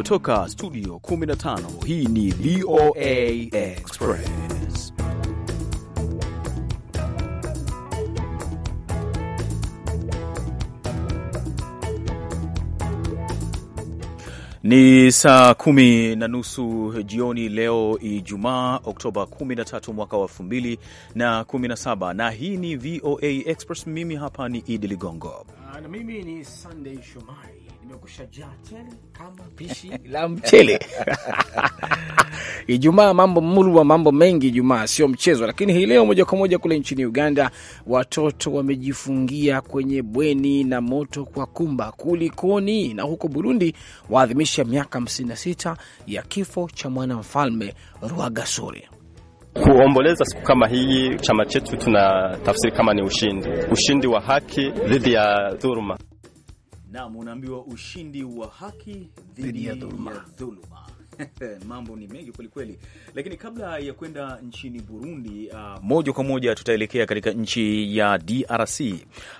Kutoka studio 15 hii ni VOA Express. Ni saa kumi na nusu jioni leo Ijumaa, Oktoba 13 mwaka wa 2017 na, na hii ni VOA Express. Mimi hapa ni Idi Ligongo na mimi ni Sunday Shomari, nimekusha jaa tele kama pishi la mchele Ijumaa mambo mulwa, mambo mengi Ijumaa sio mchezo. Lakini hii leo moja kwa moja kule nchini Uganda, watoto wamejifungia kwenye bweni na moto kwa kumba, kulikoni? Na huko Burundi waadhimisha miaka 56 ya kifo cha mwanamfalme Rwagasore. Kuomboleza siku kama hii, chama chetu tuna tafsiri kama ni ushindi, ushindi wa haki dhidi ya dhuluma. Naam, unaambiwa ushindi wa haki dhidi ya dhuluma. mambo ni mengi kwelikweli, lakini kabla ya kwenda nchini Burundi, uh, moja kwa moja tutaelekea katika nchi ya DRC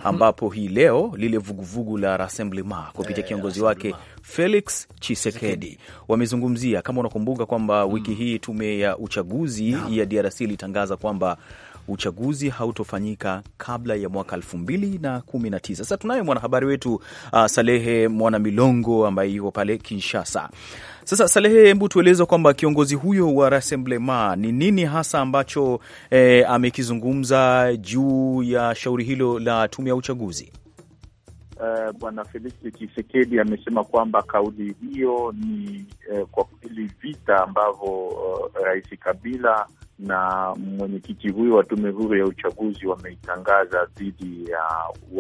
ambapo hii leo lile vuguvugu la Rassemblement kupitia eh, kiongozi wake Felix Chisekedi wamezungumzia. Kama unakumbuka kwamba hmm. wiki hii tume ya uchaguzi yeah, ya DRC ilitangaza kwamba uchaguzi hautofanyika kabla ya mwaka elfu mbili na kumi na tisa. Sasa tunaye mwanahabari wetu uh, Salehe Mwana Milongo ambaye yuko pale Kinshasa. Sasa Salehe, hebu tueleza kwamba kiongozi huyo wa Rassemblement ni nini hasa ambacho eh, amekizungumza juu ya shauri hilo la tume ya uchaguzi. Uh, Bwana felisi chisekedi amesema kwamba kauli hiyo ni uh, kwa kweli vita ambavyo uh, Rais Kabila na mwenyekiti huyo wa tume huru ya uchaguzi wameitangaza dhidi ya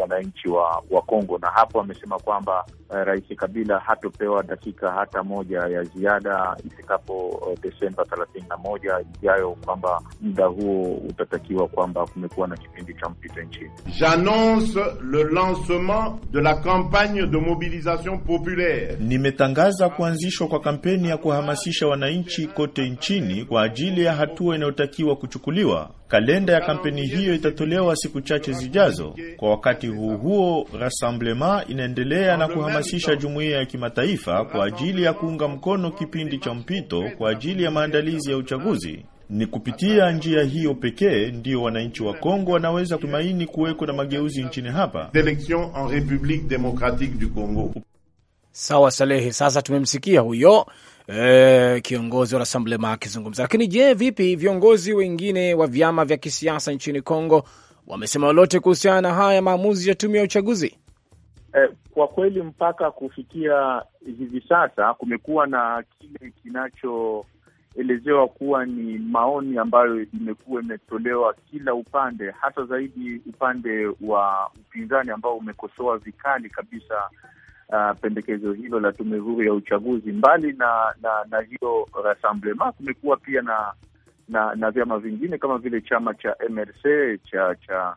wananchi wa, wa Kongo, na hapo amesema kwamba uh, Rais Kabila hatopewa dakika hata moja ya ziada ifikapo uh, Desemba thelathini na moja ijayo, kwamba muda huo utatakiwa kwamba kumekuwa na kipindi cha mpito nchini. J'annonce le lancement de la campagne de mobilisation populaire, nimetangaza kuanzishwa kwa kampeni ya kuhamasisha wananchi kote nchini kwa ajili ya hatua yanayotakiwa kuchukuliwa. Kalenda ya kampeni hiyo itatolewa siku chache zijazo. Kwa wakati huu huo, Rassemblement inaendelea na kuhamasisha jumuiya ya kimataifa kwa ajili ya kuunga mkono kipindi cha mpito kwa ajili ya maandalizi ya uchaguzi. Ni kupitia njia hiyo pekee ndiyo wananchi wa Kongo wanaweza kutumaini kuweko na mageuzi nchini hapa. Sawa Salehe, sasa tumemsikia huyo e, kiongozi wa Rassemblement akizungumza. Lakini je, vipi viongozi wengine wa vyama vya kisiasa nchini congo wamesema lolote kuhusiana na haya maamuzi ya tume ya uchaguzi? Eh, kwa kweli mpaka kufikia hivi sasa kumekuwa na kile kinachoelezewa kuwa ni maoni ambayo imekuwa imetolewa kila upande, hata zaidi upande wa upinzani ambao umekosoa vikali kabisa uh, pendekezo hilo la tume huru ya uchaguzi. Mbali na na, na hiyo Rassemblement, kumekuwa pia na na, na vyama vingine kama vile chama cha MRC cha cha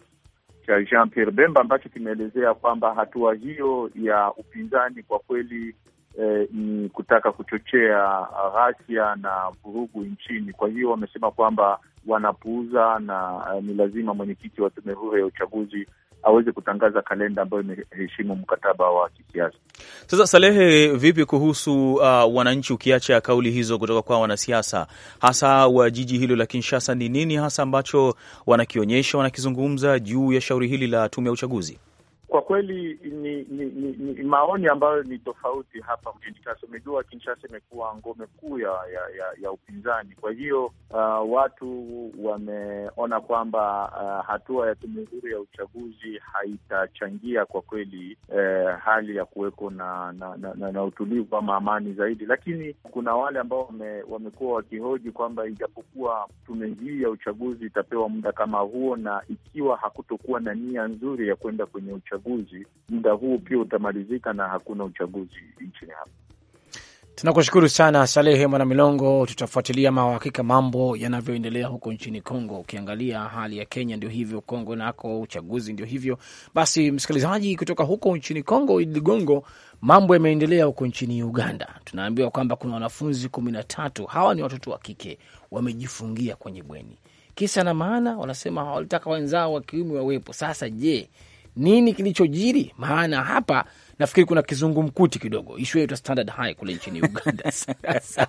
cha Jean Pierre Bemba ambacho kimeelezea kwamba hatua hiyo ya upinzani kwa kweli eh, ni kutaka kuchochea ghasia na vurugu nchini. Kwa hiyo wamesema kwamba wanapuuza na eh, ni lazima mwenyekiti wa tume huru ya uchaguzi aweze kutangaza kalenda ambayo imeheshimu mkataba wa kisiasa. Sasa Salehe, vipi kuhusu uh, wananchi? Ukiacha kauli hizo kutoka kwa wanasiasa hasa wa jiji hilo la Kinshasa, ni nini hasa ambacho wanakionyesha wanakizungumza juu ya shauri hili la tume ya uchaguzi? Kwa kweli ni, ni, ni, ni maoni ambayo ni tofauti hapa mjini Kinshasa. Umejua Kinshasa imekuwa ngome kuu ya, ya, ya upinzani. Kwa hiyo uh, watu wameona kwamba uh, hatua ya tume huru ya uchaguzi haitachangia kwa kweli eh, hali ya kuweko na na, na, na na utulivu ama amani zaidi, lakini kuna wale ambao wame, wamekuwa wakihoji kwamba ijapokuwa tume hii ya uchaguzi itapewa muda kama huo na ikiwa hakutokuwa na nia nzuri ya kwenda kwenye uchaguzi uchaguzi, muda huu pia utamalizika na hakuna uchaguzi nchini hapa. Tunakushukuru sana Salehe Mwana Milongo, tutafuatilia mahakika mambo yanavyoendelea huko nchini Kongo. Ukiangalia hali ya Kenya ndio hivyo, Kongo nako uchaguzi ndio hivyo. Basi msikilizaji, kutoka huko nchini Kongo, Idi Ligongo, mambo yameendelea huko nchini Uganda. Tunaambiwa kwamba kuna wanafunzi kumi na tatu, hawa ni watoto wa kike, wamejifungia kwenye bweni. Kisa na maana, wanasema walitaka wenzao wa kiume wawepo. Sasa je, nini kilichojiri, maana hapa nafikiri kuna kizungumkuti kidogo, ishu yetu Standard High kule nchini Uganda. Sasa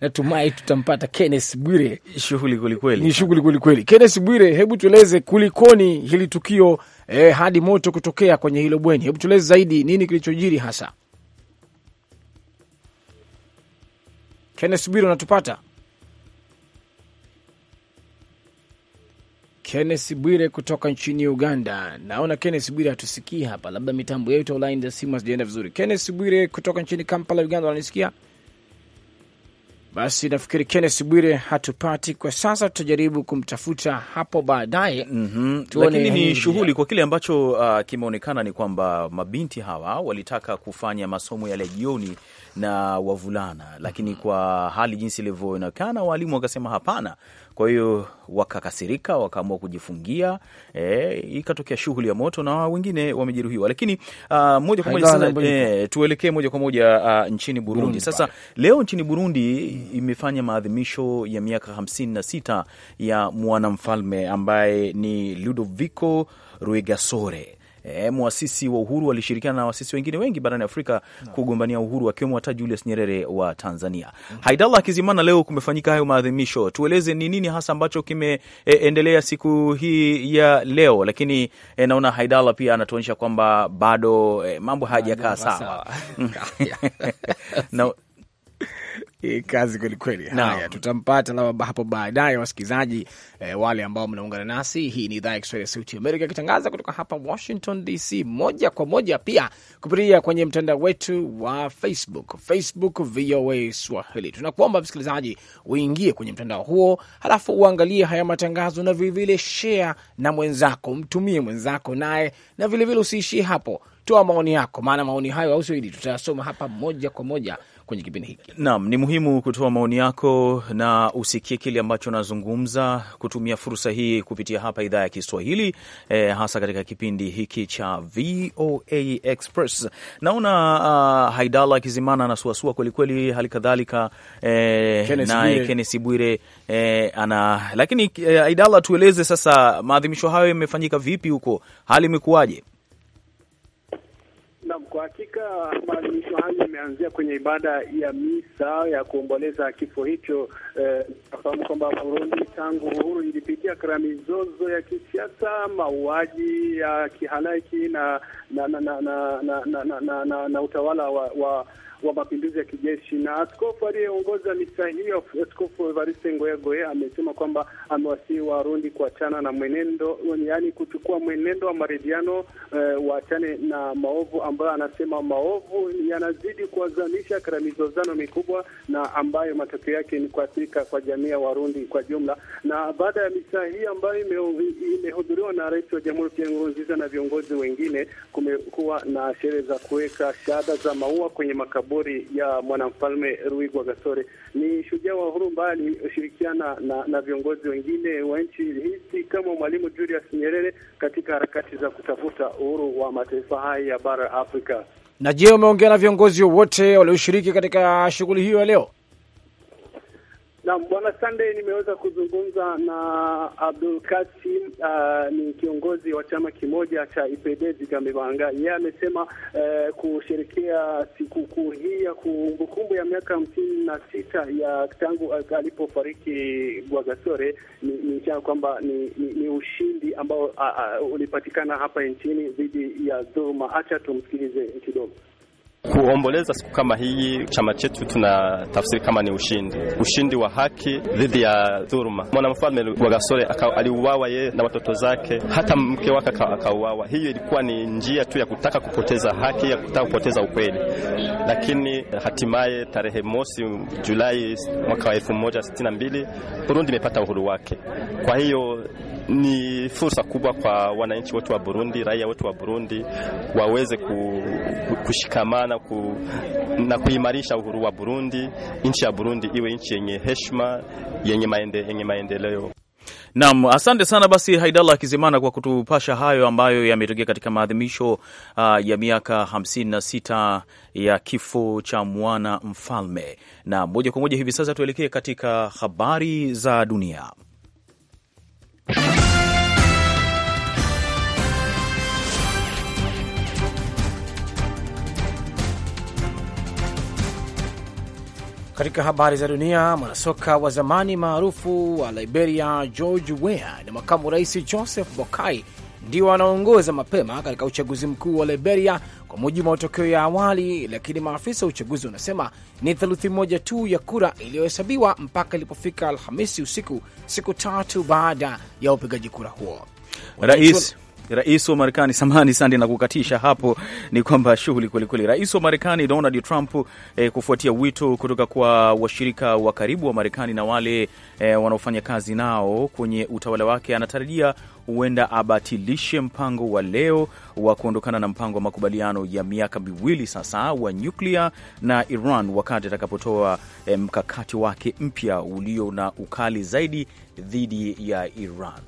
natumai tutampata Kenneth Bwire. Shughuli kwelikweli, ni shughuli kwelikweli. Kenneth Bwire, hebu tueleze kulikoni hili tukio eh, hadi moto kutokea kwenye hilo bweni. Hebu tueleze zaidi nini kilichojiri hasa. Kenneth Bwire, unatupata? Kennes Bwire kutoka nchini Uganda. Naona kennes Bwire hatusikii hapa, labda mitambo yetu au line za simu hazijaenda vizuri. Kennes Bwire kutoka nchini Kampala, Uganda, wananisikia? Basi nafikiri Kennes Bwire hatupati kwa sasa, tutajaribu kumtafuta hapo baadaye. mm -hmm. Lakini ni shughuli kwa kile ambacho uh, kimeonekana ni kwamba mabinti hawa walitaka kufanya masomo yale jioni na wavulana, lakini mm-hmm. kwa hali jinsi ilivyoonekana, waalimu wakasema hapana. Kwa hiyo wakakasirika, wakaamua kujifungia e, ikatokea shughuli ya moto na wengine wamejeruhiwa. Lakini uh, moja kwa moja sasa e, tuelekee moja kwa moja uh, nchini Burundi, Burundi sasa Leo nchini Burundi imefanya maadhimisho ya miaka hamsini na sita ya mwanamfalme ambaye ni Ludovico ruegasore Eh, mwasisi wa uhuru alishirikiana na waasisi wengine wengi barani Afrika no. kugombania uhuru akiwemo hata Julius Nyerere wa Tanzania. mm -hmm. Haidallah Kizimana, leo kumefanyika hayo maadhimisho, tueleze ni nini hasa ambacho kimeendelea e, siku hii ya leo, lakini e, naona Haidallah pia anatuonyesha kwamba bado e, mambo hayajakaa sawa na Eh, kazi kwelikweli. Haya, tutampata labda hapo baadaye. Wasikilizaji eh, wale ambao mnaungana nasi, hii ni idhaa ya Kiswahili ya Sauti ya Amerika ikitangaza kutoka hapa Washington DC moja kwa moja, pia kupitia kwenye mtandao wetu wa Facebook, Facebook VOA Swahili. Tunakuomba msikilizaji uingie kwenye mtandao huo, halafu uangalie haya matangazo na vilevile share na mwenzako, mtumie mwenzako naye, na vilevile usiishie hapo, toa maoni yako, maana maoni hayo, au sio, tutayasoma hapa moja kwa moja kwenye kipindi hiki. Naam, ni muhimu kutoa maoni yako na usikie kile ambacho nazungumza, kutumia fursa hii kupitia hapa idhaa ya Kiswahili e, hasa katika kipindi hiki cha VOA Express. Naona uh, Haidala Kizimana anasuasua kwelikweli, hali kadhalika eh, naye Kenneth Bwire e, ana lakini e, Haidala, tueleze sasa maadhimisho hayo yamefanyika vipi huko, hali imekuwaje? Naam, kwa hakika maadhimisho hayo yameanzia kwenye ibada ya misa ya kuomboleza kifo hicho. Nafahamu eh, kwamba Burundi tangu uhuru ilipitia katika mizozo ya kisiasa, mauaji ya kihalaiki na na na na, na, na, na, na, na, na, na utawala wa, wa wa mapinduzi ya kijeshi. Na askofu aliyeongoza misa hiyo, Askofu Evariste Ngoegoe, amesema kwamba amewasihi Warundi kuachana na mwenendo, yaani kuchukua mwenendo wa maridhiano, eh, waachane na maovu ambayo anasema maovu yanazidi kuwazamisha katika mizozano mikubwa na ambayo matokeo yake ni kuathirika kwa jamii ya Warundi kwa jumla. Na baada ya misa hii ambayo imehudhuriwa na rais wa jamhuri Pierre Nkurunziza na viongozi wengine, kumekuwa na sherehe za kuweka shahada za maua kwenye makaburi kaburi ya mwanamfalme Rwigwa Gasore. Ni shujaa wa uhuru ambaye alishirikiana na, na viongozi wengine wa nchi hizi kama Mwalimu Julius Nyerere katika harakati za kutafuta uhuru wa mataifa haya ya bara Afrika. Na je, umeongea na viongozi wote walioshiriki katika shughuli hiyo ya leo? nam bwana sandey nimeweza kuzungumza na Abdul Kasim uh, ni kiongozi wa chama kimoja cha IPD Zigamibanga. Yeye amesema uh, kusherekea sikukuu hii ya kumbukumbu ya miaka hamsini na sita ya tangu uh, alipofariki Gwagasore ni, ni ishara kwamba ni, ni, ni ushindi ambao uh, uh, ulipatikana hapa nchini dhidi ya dhuluma. Acha tumsikilize kidogo kuomboleza siku kama hii, chama chetu tuna tafsiri kama ni ushindi, ushindi wa haki dhidi ya dhuluma. Mwanamfalme wa Gasore aliuawa yeye na watoto zake, hata mke wake akauawa. Hiyo ilikuwa ni njia tu ya kutaka kupoteza haki, ya kutaka kupoteza ukweli, lakini hatimaye tarehe mosi Julai mwaka wa 1962 Burundi imepata uhuru wake. Kwa hiyo ni fursa kubwa kwa wananchi wote wa Burundi, raia wote wa Burundi waweze kushikamana na, ku, na kuimarisha uhuru wa Burundi, nchi ya Burundi iwe nchi yenye heshima yenye maendeleo. Naam, asante sana basi haidala Kizimana kwa kutupasha hayo ambayo yametokea katika maadhimisho uh, ya miaka 56 ya kifo cha mwana mfalme. Na moja kwa moja hivi sasa tuelekee katika habari za dunia. Katika habari za dunia, mwanasoka wa zamani maarufu wa Liberia George Weah na makamu rais Joseph Boakai ndio wanaongoza mapema katika uchaguzi mkuu wa Liberia kwa mujibu wa matokeo ya awali, lakini maafisa wa uchaguzi wanasema ni theluthi moja tu ya kura iliyohesabiwa mpaka ilipofika Alhamisi usiku, siku tatu baada ya upigaji kura huo. Rais Rais wa Marekani, samahani sande na kukatisha hapo, ni kwamba shughuli kwelikweli. Rais wa Marekani Donald Trump eh, kufuatia wito kutoka kwa washirika wa karibu wa Marekani na wale eh, wanaofanya kazi nao kwenye utawala wake, anatarajia huenda abatilishe mpango wa leo wa kuondokana na mpango wa makubaliano ya miaka miwili sasa wa nyuklia na Iran wakati atakapotoa eh, mkakati wake mpya ulio na ukali zaidi dhidi ya Iran.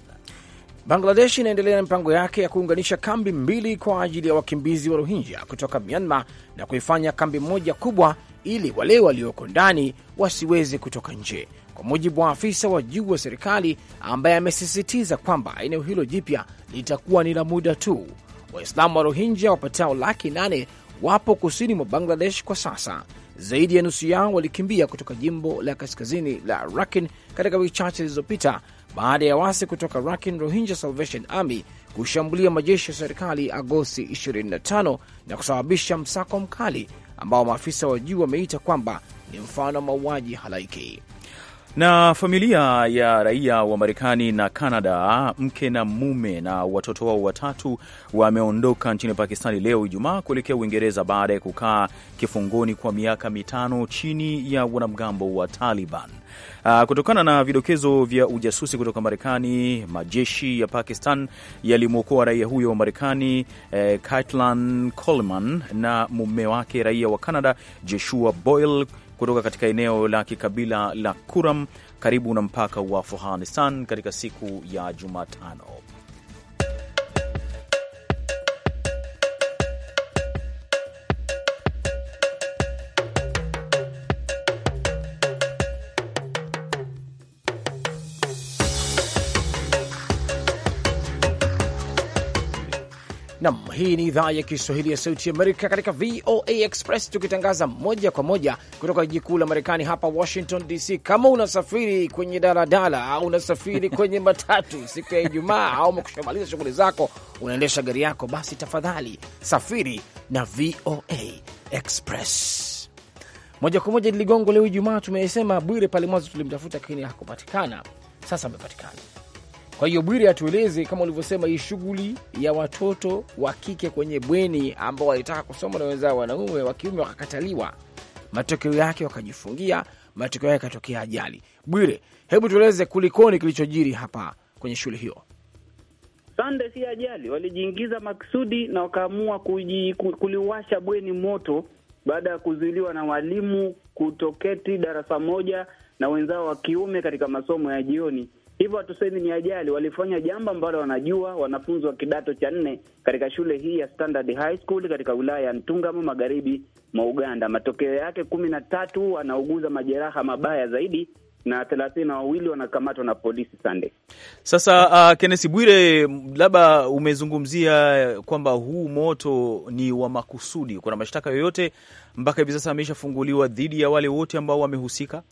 Bangladesh inaendelea na mipango yake ya kuunganisha kambi mbili kwa ajili ya wakimbizi wa Rohingya kutoka Myanmar na kuifanya kambi moja kubwa ili wale walioko ndani wasiweze kutoka nje, kwa mujibu wa afisa wa juu wa serikali ambaye amesisitiza kwamba eneo hilo jipya litakuwa ni la muda tu. Waislamu wa Rohingya wapatao laki nane wapo kusini mwa Bangladesh kwa sasa zaidi ya nusu yao walikimbia kutoka jimbo la kaskazini la rakin katika wiki chache zilizopita baada ya wasi kutoka rakin Rohingya Salvation Army kushambulia majeshi ya serikali Agosti 25 na kusababisha msako mkali ambao maafisa wa juu wameita kwamba ni mfano wa mauaji halaiki. Na familia ya raia wa Marekani na Kanada, mke na mume na watoto wao watatu, wameondoka nchini Pakistani leo Ijumaa kuelekea Uingereza baada ya kukaa kifungoni kwa miaka mitano chini ya wanamgambo wa Taliban. Ah, kutokana na vidokezo vya ujasusi kutoka Marekani, majeshi ya Pakistan yalimwokoa raia huyo wa Marekani eh, Caitlan Coleman na mume wake raia wa Kanada Joshua Boyle kutoka katika eneo la kikabila la Kuram karibu na mpaka wa Afghanistan katika siku ya Jumatano. Nam, hii ni idhaa ya Kiswahili ya Sauti Amerika katika VOA Express, tukitangaza moja kwa moja kutoka jiji kuu la Marekani hapa Washington DC. Kama unasafiri kwenye daladala au unasafiri kwenye matatu siku ya Ijumaa au umekushamaliza shughuli zako, unaendesha gari yako, basi tafadhali safiri na VOA Express moja kwa moja. Ligongo, leo Ijumaa tumesema Bwire pale mwanzo tulimtafuta, lakini hakupatikana. Sasa amepatikana. Kwa hiyo Bwire, atueleze kama ulivyosema, hii shughuli ya watoto wa kike kwenye bweni ambao walitaka kusoma na wenzao wanaume wa kiume wakakataliwa, matokeo yake wakajifungia, matokeo yake akatokea ajali. Bwire, hebu tueleze kulikoni kilichojiri hapa kwenye shule hiyo? Sande, si ajali, walijiingiza maksudi na wakaamua kuliwasha bweni moto baada ya kuzuiliwa na walimu kutoketi darasa moja na wenzao wa kiume katika masomo ya jioni. Hivyo hatusemi ni ajali, walifanya jambo ambalo wanajua. Wanafunzi wa kidato cha nne katika shule hii ya Standard High School katika wilaya ya Ntungamo, magharibi mwa Uganda, matokeo yake kumi na tatu wanauguza majeraha mabaya zaidi na thelathini na wawili wanakamatwa na polisi Sunday. Sasa uh, Kenneth Bwire, labda umezungumzia kwamba huu moto ni wa makusudi. Kuna mashtaka yoyote mpaka hivi sasa ameshafunguliwa dhidi ya wale wote ambao wamehusika?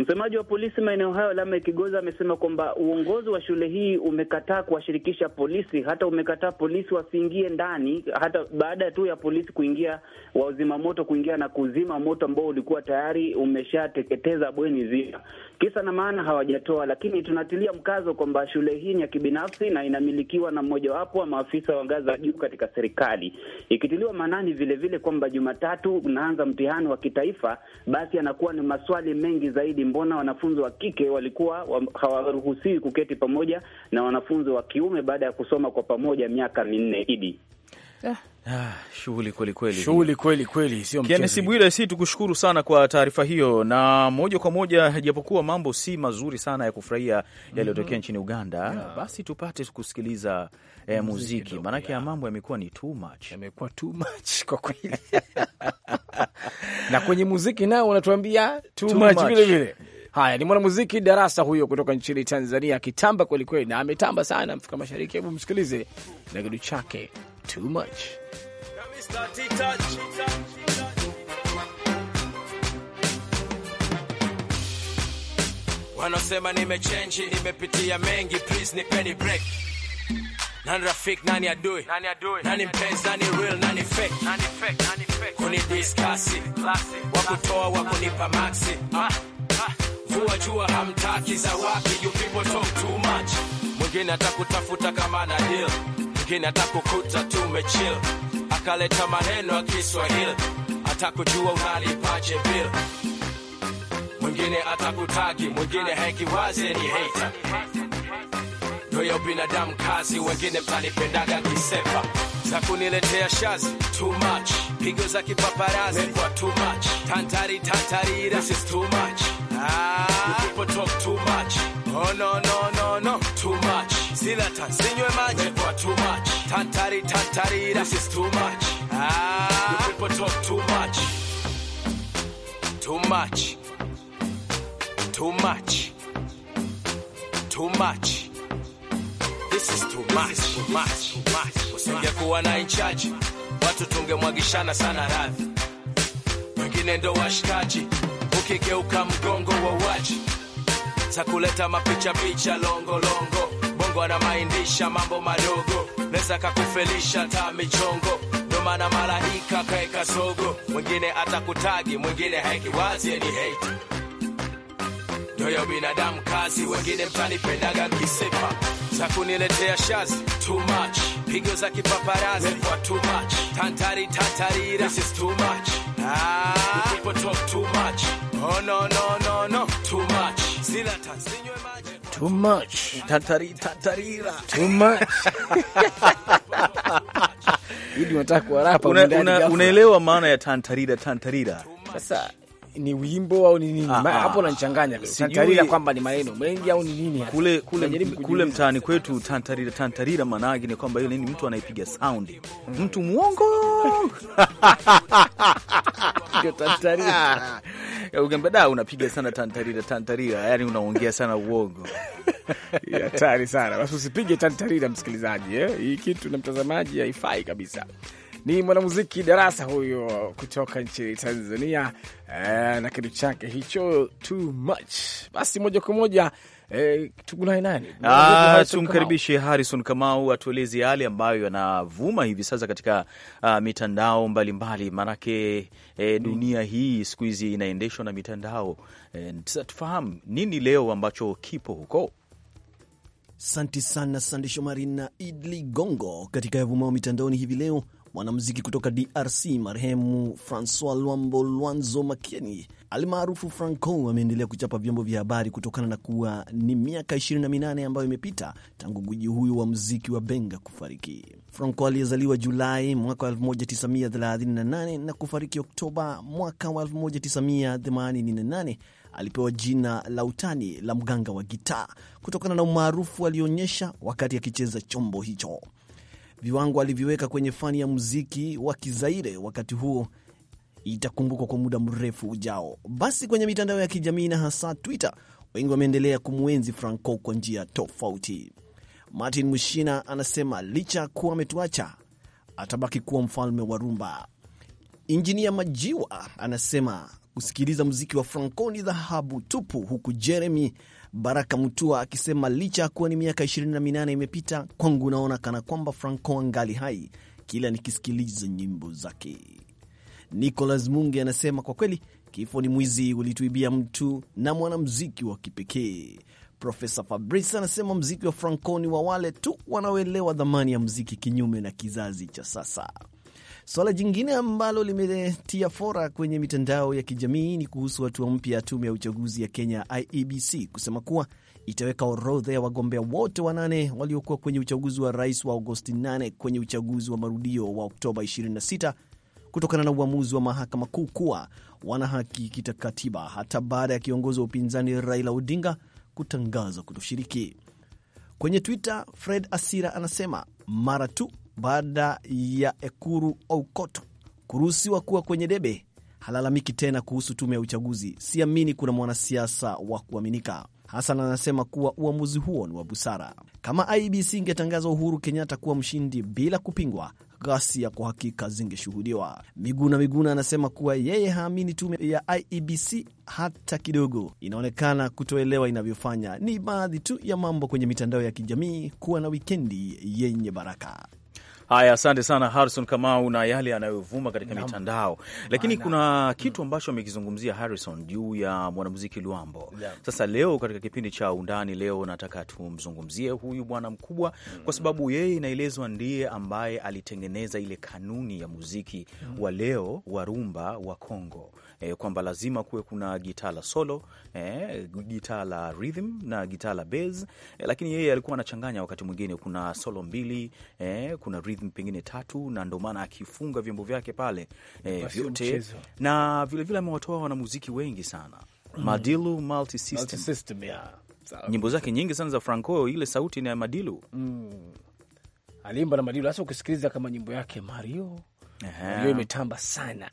Msemaji wa polisi maeneo hayo Lame Kigoza amesema kwamba uongozi wa shule hii umekataa kuwashirikisha polisi, hata umekataa polisi wasiingie ndani, hata baada tu ya polisi kuingia, wazima moto kuingia na kuzima moto ambao ulikuwa tayari umeshateketeza bweni zima. Kisa na maana hawajatoa, lakini tunatilia mkazo kwamba shule hii ni ya kibinafsi na inamilikiwa na mmojawapo wa maafisa wa ngazi za juu katika serikali, ikitiliwa maanani vilevile kwamba Jumatatu unaanza mtihani wa kitaifa, basi anakuwa ni maswali mengi zaidi mbona wanafunzi wa kike walikuwa wa, hawaruhusiwi kuketi pamoja na wanafunzi wa kiume baada ya kusoma kwa pamoja miaka minne idi Ah. Ah, shughuli kweli kweli, shughuli kweli kweli, sio mchezo. Kenesi Bwire, si tukushukuru sana kwa taarifa hiyo, na moja kwa moja, japokuwa mambo si mazuri sana ya kufurahia yaliyotokea mm -hmm. nchini Uganda yeah. Basi tupate kusikiliza eh, muziki, maanake ya mambo yamekuwa ni too much, yamekuwa too much kwa kweli na kwenye muziki nao unatuambia too, too much vile vile. Haya, ni mwanamuziki Darasa huyo kutoka nchini Tanzania, akitamba kwelikweli na ametamba sana Afrika Mashariki. Hebu msikilize na kitu chake too much. Wanasema nimechenji, nimepitia mengi, please nipeni break. Nani rafiki, nani adui, nani mpenzi, nani real, nani fake, kunidiskasi, wakutoa, wakunipa maxi Vua ah, ah. jua hamtaki za wapi, you people talk too much. Mwingine atakutafuta kama na deal mwingine atakukuta tumechill, akaleta maneno ya Kiswahili, atakujua unalipaje bill. Mwingine atakutaki, mwingine hekiwaze ni hater, ndoya binadamu kazi. Wengine mtanipendaga kisepa za kuniletea shazi too much, pigo za kipaparazi too much, tantari tantari, this is too much ah, people talk too much oh no no no no too much, sila tansinywe maji kwa too much Tantari, tantari, this is too much. Ah, you people talk too much. Too much. Too much. Too much. This is too much. Too much. Too much. usinge kuwa na in charge watu tungemwagishana sana radhi. Wengine ndo washikaji, ukigeuka mgongo wa waji. Za kuleta mapicha picha longo longo. Mungu anamaindisha mambo madogo, naweza kakufelisha ta michongo ndomana malaika kaeka sogo, mwingine atakutagi, mwingine haikiwazie ni hate doyo binadamu kazi, wengine mtanipendaga mkisepa za kuniletea shazi too much, pigo za kipaparazi kwa too much, tantari tantari, this is too much ah, people talk too much, oh no no no no too much, sila tansinywe Too much. Tatari, tatarira. Too much. Hidi unataka rapa Unaelewa maana ya tantarira tantarira. Sasa ni wimbo au ni nini? Ah, ah. Hapo nanchanganya tantarira, kwamba ni maneno mengi au ni nini? Kule kule kule mtaani kwetu tantarira, tantarira maana ni kwamba ile ni mtu anayepiga sound, mtu mwongo ndio tantarira. Ugamba da, unapiga sana tantarira, tantarira, yani unaongea sana uongo. Hatari sana basi, usipige tantarira msikilizaji, eh, hii kitu na mtazamaji haifai kabisa. Ni mwanamuziki Darasa huyo kutoka nchini Tanzania eh, na kitu chake hicho too much. Basi moja kwa moja eh, nani, ah, tumkaribishe Harrison Kamau atueleze yale ambayo yanavuma hivi sasa katika uh, mitandao mbalimbali, maanake eh, mm. dunia hii siku hizi inaendeshwa na mitandao eh, tufahamu nini leo ambacho kipo huko. Asante sana Sande Shomari na Idli Gongo katika yavumao mitandaoni hivi leo mwanamuziki kutoka DRC marehemu Francois Luambo Lwanzo makeni alimaarufu Franco ameendelea kuchapa vyombo vya habari kutokana na kuwa ni miaka 28 ambayo imepita tangu guji huyu wa muziki wa benga kufariki. Franco aliyezaliwa Julai mwaka 1938 na kufariki Oktoba mwaka 1988 alipewa jina la utani la mganga wa gitaa kutokana na umaarufu alionyesha wakati akicheza chombo hicho viwango alivyoweka kwenye fani ya muziki wa Kizaire wakati huo itakumbukwa kwa muda mrefu ujao. Basi kwenye mitandao ya kijamii na hasa Twitter, wengi wameendelea kumwenzi Franco kwa njia tofauti. Martin Mushina anasema licha kuwa ametuacha atabaki kuwa mfalme wa rumba. Injinia Majiwa anasema kusikiliza muziki wa Franco ni dhahabu tupu, huku Jeremy Baraka Mutua akisema licha ya kuwa ni miaka 28 imepita, kwangu naona kana kwamba Franco angali hai kila nikisikiliza nyimbo zake. Nicolas Munge anasema kwa kweli, kifo ni mwizi, ulituibia mtu na mwanamziki wa kipekee. Profesa Fabrice anasema mziki wa Franco ni wa wale tu wanaoelewa dhamani ya mziki, kinyume na kizazi cha sasa. Suala jingine ambalo limetia fora kwenye mitandao ya kijamii ni kuhusu hatua mpya ya tume ya uchaguzi ya Kenya IEBC kusema kuwa itaweka orodha ya wagombea wote wanane waliokuwa kwenye uchaguzi wa rais wa Agosti 8 kwenye uchaguzi wa marudio wa Oktoba 26 kutokana na uamuzi wa mahakama kuu kuwa wana haki kitakatiba hata baada ya kiongozi wa upinzani Raila Odinga kutangaza kutoshiriki. Kwenye Twitter, Fred Asira anasema mara tu baada ya Ekuru Aukot kuruhusiwa kuwa kwenye debe, halalamiki tena kuhusu tume ya uchaguzi. Siamini kuna mwanasiasa wa kuaminika. Hasan anasema kuwa uamuzi huo ni wa busara. Kama IBC ingetangaza Uhuru Kenyatta kuwa mshindi bila kupingwa, ghasia kwa hakika zingeshuhudiwa. Miguna Miguna anasema kuwa yeye haamini tume ya IEBC hata kidogo. Inaonekana kutoelewa inavyofanya. Ni baadhi tu ya mambo kwenye mitandao ya kijamii. Kuwa na wikendi yenye baraka. Haya, asante sana Harrison Kamau na yale yanayovuma katika mitandao lakini Maana. kuna kitu ambacho amekizungumzia Harrison juu ya mwanamuziki Luambo Naam. Sasa leo katika kipindi cha Undani leo nataka tumzungumzie huyu bwana mkubwa mm. kwa sababu yeye inaelezwa ndiye ambaye alitengeneza ile kanuni ya muziki mm. wa leo wa rumba wa Kongo e, kwamba lazima kuwe kuna gitaa la solo e, gitaa la rhythm na gitaa la bass e, lakini yeye alikuwa anachanganya wakati mwingine, kuna solo mbili e, kuna rhythm pengine tatu, na ndo maana akifunga vyombo vyake pale e, vyote, mchezo. na vilevile amewatoa vile wanamuziki wengi sana mm. Madilu multi system, multi system yeah. Nyimbo zake nyingi sana za Franco, ile sauti ni ya Madilu mm. Alimba na Madilu hasa ukisikiliza kama nyimbo yake Mario, Mario imetamba sana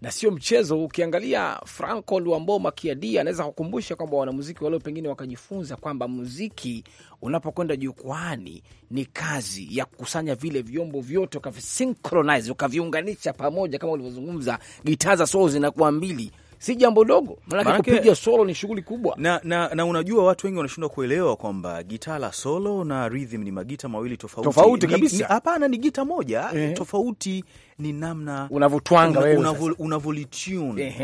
na sio mchezo. Ukiangalia Franco Luambo Makiadi anaweza kukumbusha kwamba wanamuziki walio pengine wakajifunza kwamba muziki unapokwenda jukwani ni kazi ya kukusanya vile vyombo vyote, ukavisynchronize, ukaviunganisha pamoja, kama ulivyozungumza, gitaa za solo zinakuwa mbili si jambo dogo, maanake kupiga solo ni shughuli kubwa na, na, na unajua watu wengi wanashindwa kuelewa kwamba gita la solo na rhythm ni magita mawili tofauti. Tofauti kabisa. Hapana, ni, ni, ni gita moja eh, tofauti ni namna unavotwanga wewe, unavolitune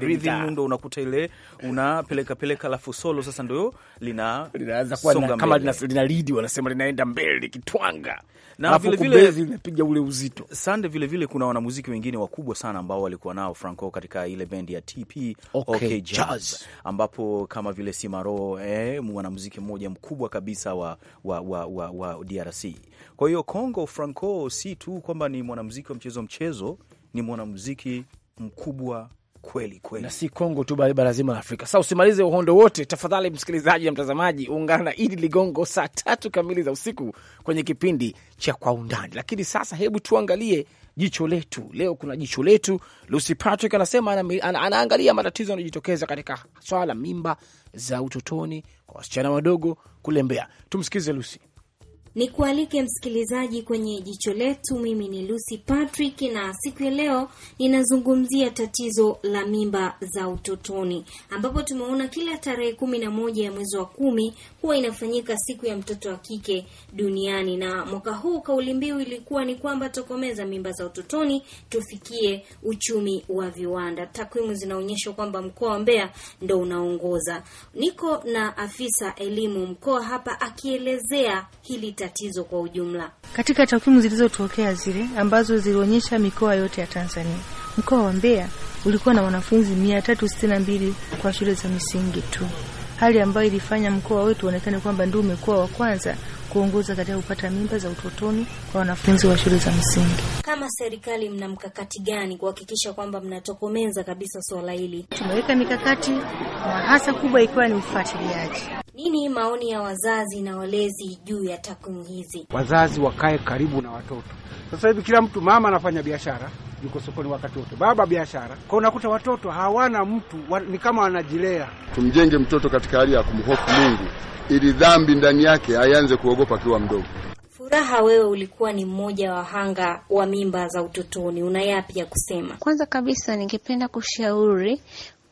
rhythm, ndo unakuta ile unapeleka peleka, alafu solo sasa ndio lina linaanza kuwa na, kama lina lead, wanasema linaenda mbele likitwanga, na vile vile linapiga ule uzito sande. Vile vile kuna wanamuziki wengine wakubwa sana ambao walikuwa nao Franco katika ile bendi ya TP okay, okay jazz. Jazz, ambapo kama vile Simaro eh, mwanamuziki mmoja mkubwa kabisa wa, wa, wa, wa, wa DRC. Kwa hiyo Congo Franco si tu kwamba ni mwanamuziki wa mchezo mchezo, ni mwanamuziki mkubwa kweli kweli, na si Kongo tu bali bara zima la Afrika. Sasa usimalize uhondo wote tafadhali, msikilizaji na mtazamaji, ungana na Idi Ligongo saa tatu kamili za usiku kwenye kipindi cha Kwa Undani. Lakini sasa hebu tuangalie jicho letu leo. Kuna jicho letu, Lucy Patrick anasema ana, ana, anaangalia matatizo yanayojitokeza katika swala la mimba za utotoni kwa wasichana wadogo kulembea. Tumsikize Lucy ni kualike msikilizaji kwenye jicho letu. Mimi ni Lucy Patrick na siku ya leo ninazungumzia tatizo la mimba za utotoni, ambapo tumeona kila tarehe kumi na moja ya mwezi wa kumi huwa inafanyika siku ya mtoto wa kike duniani, na mwaka huu kauli mbiu ilikuwa ni kwamba tokomeza mimba za utotoni, tufikie uchumi wa viwanda. Takwimu zinaonyesha kwamba mkoa wa Mbeya ndo unaongoza. Niko na afisa elimu mkoa hapa akielezea hili tatizo tatizo kwa ujumla. Katika takwimu zilizotokea zile ambazo zilionyesha mikoa yote ya Tanzania, mkoa wa Mbeya ulikuwa na wanafunzi 362 kwa shule za msingi tu, hali ambayo ilifanya mkoa wetu uonekane kwamba ndio umekuwa wa kwanza kuongoza katika kupata mimba za utotoni kwa wanafunzi wa shule za msingi. Kama serikali, mna mkakati gani kuhakikisha kwamba mnatokomeza kabisa swala hili? Tumeweka mikakati na hasa kubwa ikiwa ni ufuatiliaji. Nini maoni ya wazazi na walezi juu ya takwimu hizi? Wazazi wakae karibu na watoto. Sasa hivi kila mtu mama anafanya biashara yuko sokoni wakati wote, baba biashara. Kwa unakuta watoto hawana mtu wa, ni kama wanajilea. Tumjenge mtoto katika hali ya kumhofu Mungu ili dhambi ndani yake aanze kuogopa akiwa mdogo. Furaha, wewe ulikuwa ni mmoja wa hanga wa mimba za utotoni, una yapi ya kusema? Kwanza kabisa ningependa kushauri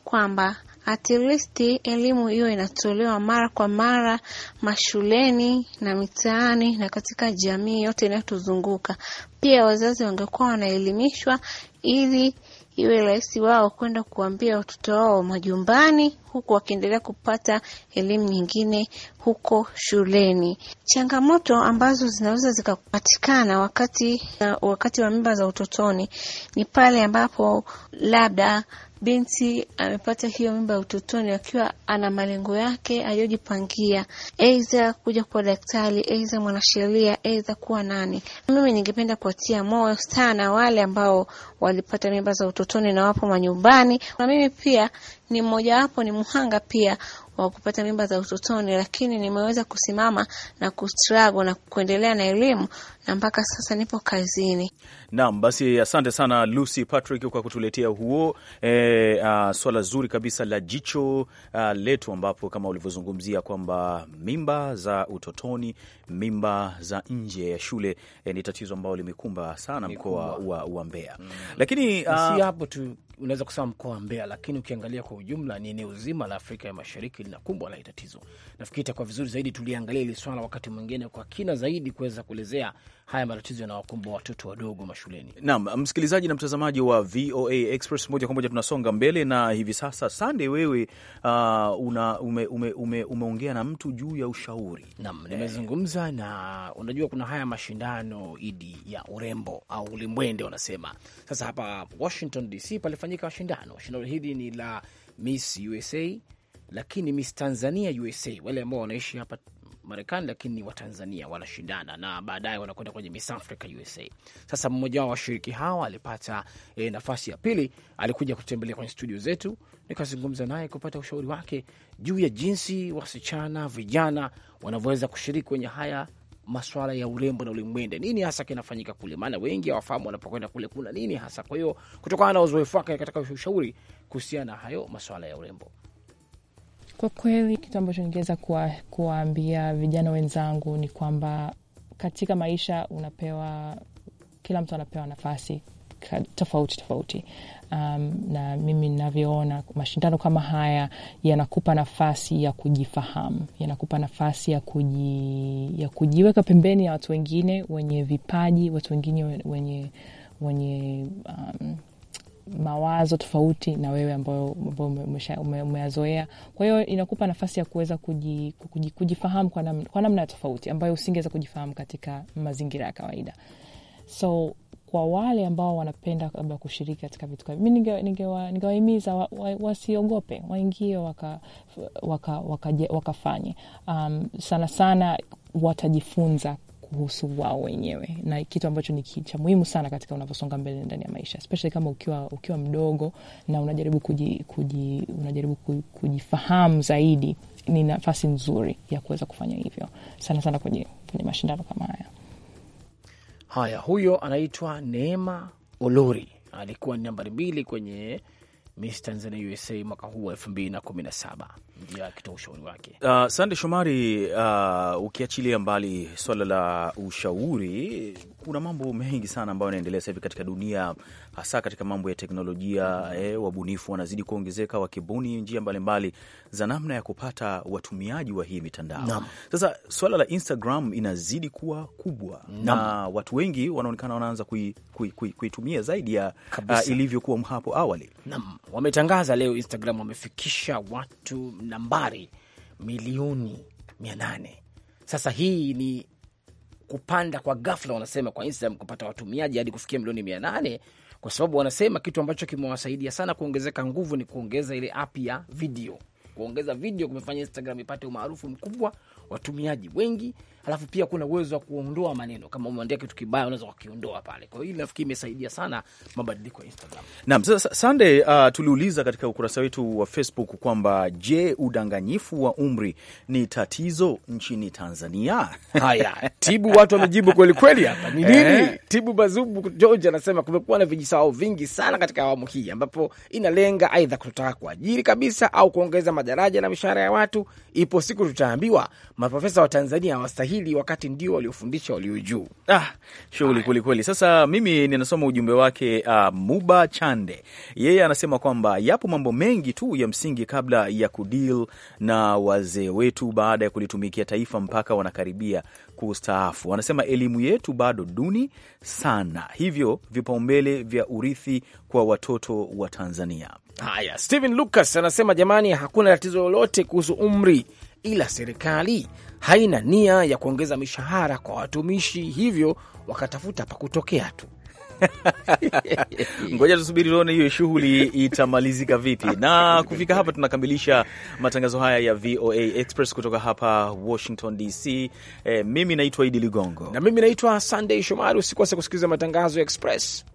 kwamba at least elimu hiyo inatolewa mara kwa mara mashuleni na mitaani na katika jamii yote inayotuzunguka. Pia wazazi wangekuwa wanaelimishwa ili iwe rahisi wao kwenda kuambia watoto wao majumbani, huku wakiendelea kupata elimu nyingine huko shuleni. Changamoto ambazo zinaweza zikapatikana wakati, wakati wa mimba za utotoni ni pale ambapo labda binti amepata hiyo mimba ya utotoni akiwa ana malengo yake aliyojipangia, aidha kuja kuwa daktari, aidha mwanasheria, aidha kuwa nani. Mimi ningependa kuwatia moyo sana wale ambao walipata mimba za utotoni na wapo manyumbani, na mimi pia ni mmojawapo, ni mhanga pia wa kupata mimba za utotoni, lakini nimeweza kusimama na kustruggle na kuendelea na elimu na mpaka sasa nipo kazini. Naam, basi asante sana Lucy Patrick kwa kutuletea huo e, eh, a, ah, swala zuri kabisa la jicho a, ah, letu ambapo kama ulivyozungumzia kwamba mimba za utotoni, mimba za nje ya shule e, ni tatizo ambalo limekumba sana mkoa wa, wa Mbeya. Mm. Lakini a, si ah, hapo tu unaweza kusema mkoa wa Mbeya, lakini ukiangalia kwa ujumla ni eneo zima la Afrika ya Mashariki linakumbwa na tatizo. Nafikiri itakuwa vizuri zaidi tuliangalia hili swala wakati mwingine kwa kina zaidi kuweza kuelezea haya matatizo yanawakumba watoto wadogo mashuleni. Naam, msikilizaji na mtazamaji wa VOA Express, moja kwa moja tunasonga mbele na hivi sasa, Sande wewe, uh, una, ume, ume, ume, umeongea na mtu juu ya ushauri. Naam, eh. nimezungumza na unajua, kuna haya mashindano idi ya urembo au ulimbwende wanasema. Sasa hapa Washington DC palifanyika mashindano shindano hili ni la Miss USA lakini Miss Tanzania USA, wale ambao wanaishi hapa Marekani, lakini Watanzania wanashindana na baadaye wanakwenda kwenye Miss Africa USA. Sasa mmoja wa washiriki hawa alipata e, nafasi ya pili, alikuja kutembelea kwenye studio zetu, nikazungumza naye kupata ushauri wake juu ya jinsi wasichana vijana wanavyoweza kushiriki kwenye haya maswala ya urembo na ulimwende. Nini hasa kinafanyika kule? Maana wengi hawafahamu wanapokwenda kule kuna nini hasa. Kwa hiyo kutokana na uzoefu wake, katika ushauri kuhusiana na hayo maswala ya urembo kwa kweli kitu ambacho ningeweza kuwaambia vijana wenzangu ni kwamba katika maisha unapewa, kila mtu anapewa nafasi tofauti tofauti. Um, na mimi ninavyoona mashindano kama haya yanakupa nafasi ya kujifahamu, yanakupa nafasi ya, kuji, ya kujiweka pembeni ya watu wengine wenye vipaji, watu wengine wenye, wenye um, mawazo tofauti na wewe ambayo umeyazoea. Kwa hiyo inakupa nafasi ya kuweza kujifahamu kwa namna, kwa namna tofauti ambayo usingeweza kujifahamu katika mazingira ya kawaida. So kwa wale ambao wanapenda labda kushiriki katika vitu kama mi ningewahimiza wa, wa, wasiogope, waingie wakafanye waka, waka, waka um, sana sana watajifunza kuhusu wao wenyewe, na kitu ambacho ni cha muhimu sana katika unavyosonga mbele ndani ya maisha, especially kama ukiwa, ukiwa mdogo na unajaribu, kuji, kuji, unajaribu kujifahamu zaidi. Ni nafasi nzuri ya kuweza kufanya hivyo sana sana kwenye, kwenye mashindano kama haya. Haya, huyo anaitwa Neema Olori, alikuwa ni nambari mbili kwenye Miss Tanzania USA mwaka huu wa elfu mbili na kumi na saba ya akitoa ushauri wake. Uh, sande Shomari, uh, ukiachilia mbali swala la ushauri, kuna mambo mengi sana ambayo yanaendelea sasa hivi katika dunia, hasa katika mambo ya teknolojia. Eh, wabunifu wanazidi kuongezeka, wakibuni njia mbalimbali za namna ya kupata watumiaji wa hii mitandao Nam. Sasa swala la Instagram inazidi kuwa kubwa na watu wengi wanaonekana wanaanza kuitumia kui, kui, kui zaidi ya uh, ilivyokuwa hapo awali wametangaza leo Instagram wamefikisha watu nambari milioni mia nane. Sasa hii ni kupanda kwa ghafla, wanasema kwa Instagram kupata watumiaji hadi kufikia milioni mia nane kwa sababu wanasema kitu ambacho kimewasaidia sana kuongezeka nguvu ni kuongeza ile app ya video kuongeza video kumefanya Instagram ipate umaarufu mkubwa, watumiaji wengi, alafu pia kuna uwezo wa kuondoa maneno. Kama umeandika kitu kibaya, unaweza kukiondoa pale. Kwa hiyo hili nafikiri imesaidia sana mabadiliko ya Instagram. Naam, sasa Sunday, uh, tuliuliza katika ukurasa wetu wa Facebook kwamba je, udanganyifu wa umri ni tatizo nchini Tanzania? Haya, tibu watu wamejibu kweli kweli hapa ni nini? Eh. Tibu Bazubu George anasema kumekuwa na vijisao vingi sana katika awamu hii ambapo inalenga aidha kutotaka kuajiri kabisa au kuongeza madaraja na mishahara ya watu. Ipo siku tutaambiwa maprofesa wa Tanzania hawastahili, wakati ndio waliofundisha walio juu. Ah, shughuli kwelikweli. Sasa mimi ninasoma ujumbe wake. Uh, Muba Chande yeye anasema kwamba yapo mambo mengi tu ya msingi kabla ya kudil na wazee wetu baada ya kulitumikia taifa mpaka wanakaribia kustaafu. Anasema elimu yetu bado duni sana, hivyo vipaumbele vya urithi kwa watoto wa Tanzania. Haya, Steven Lucas anasema jamani, hakuna tatizo lolote kuhusu umri, ila serikali haina nia ya kuongeza mishahara kwa watumishi, hivyo wakatafuta pa kutokea tu. Ngoja tusubiri tuone hiyo shughuli itamalizika vipi. Na kufika hapa, tunakamilisha matangazo haya ya VOA Express kutoka hapa Washington DC. E, eh, mimi naitwa Idi Ligongo na mimi naitwa Sunday Shomari. Usikose kusikiliza matangazo ya Express.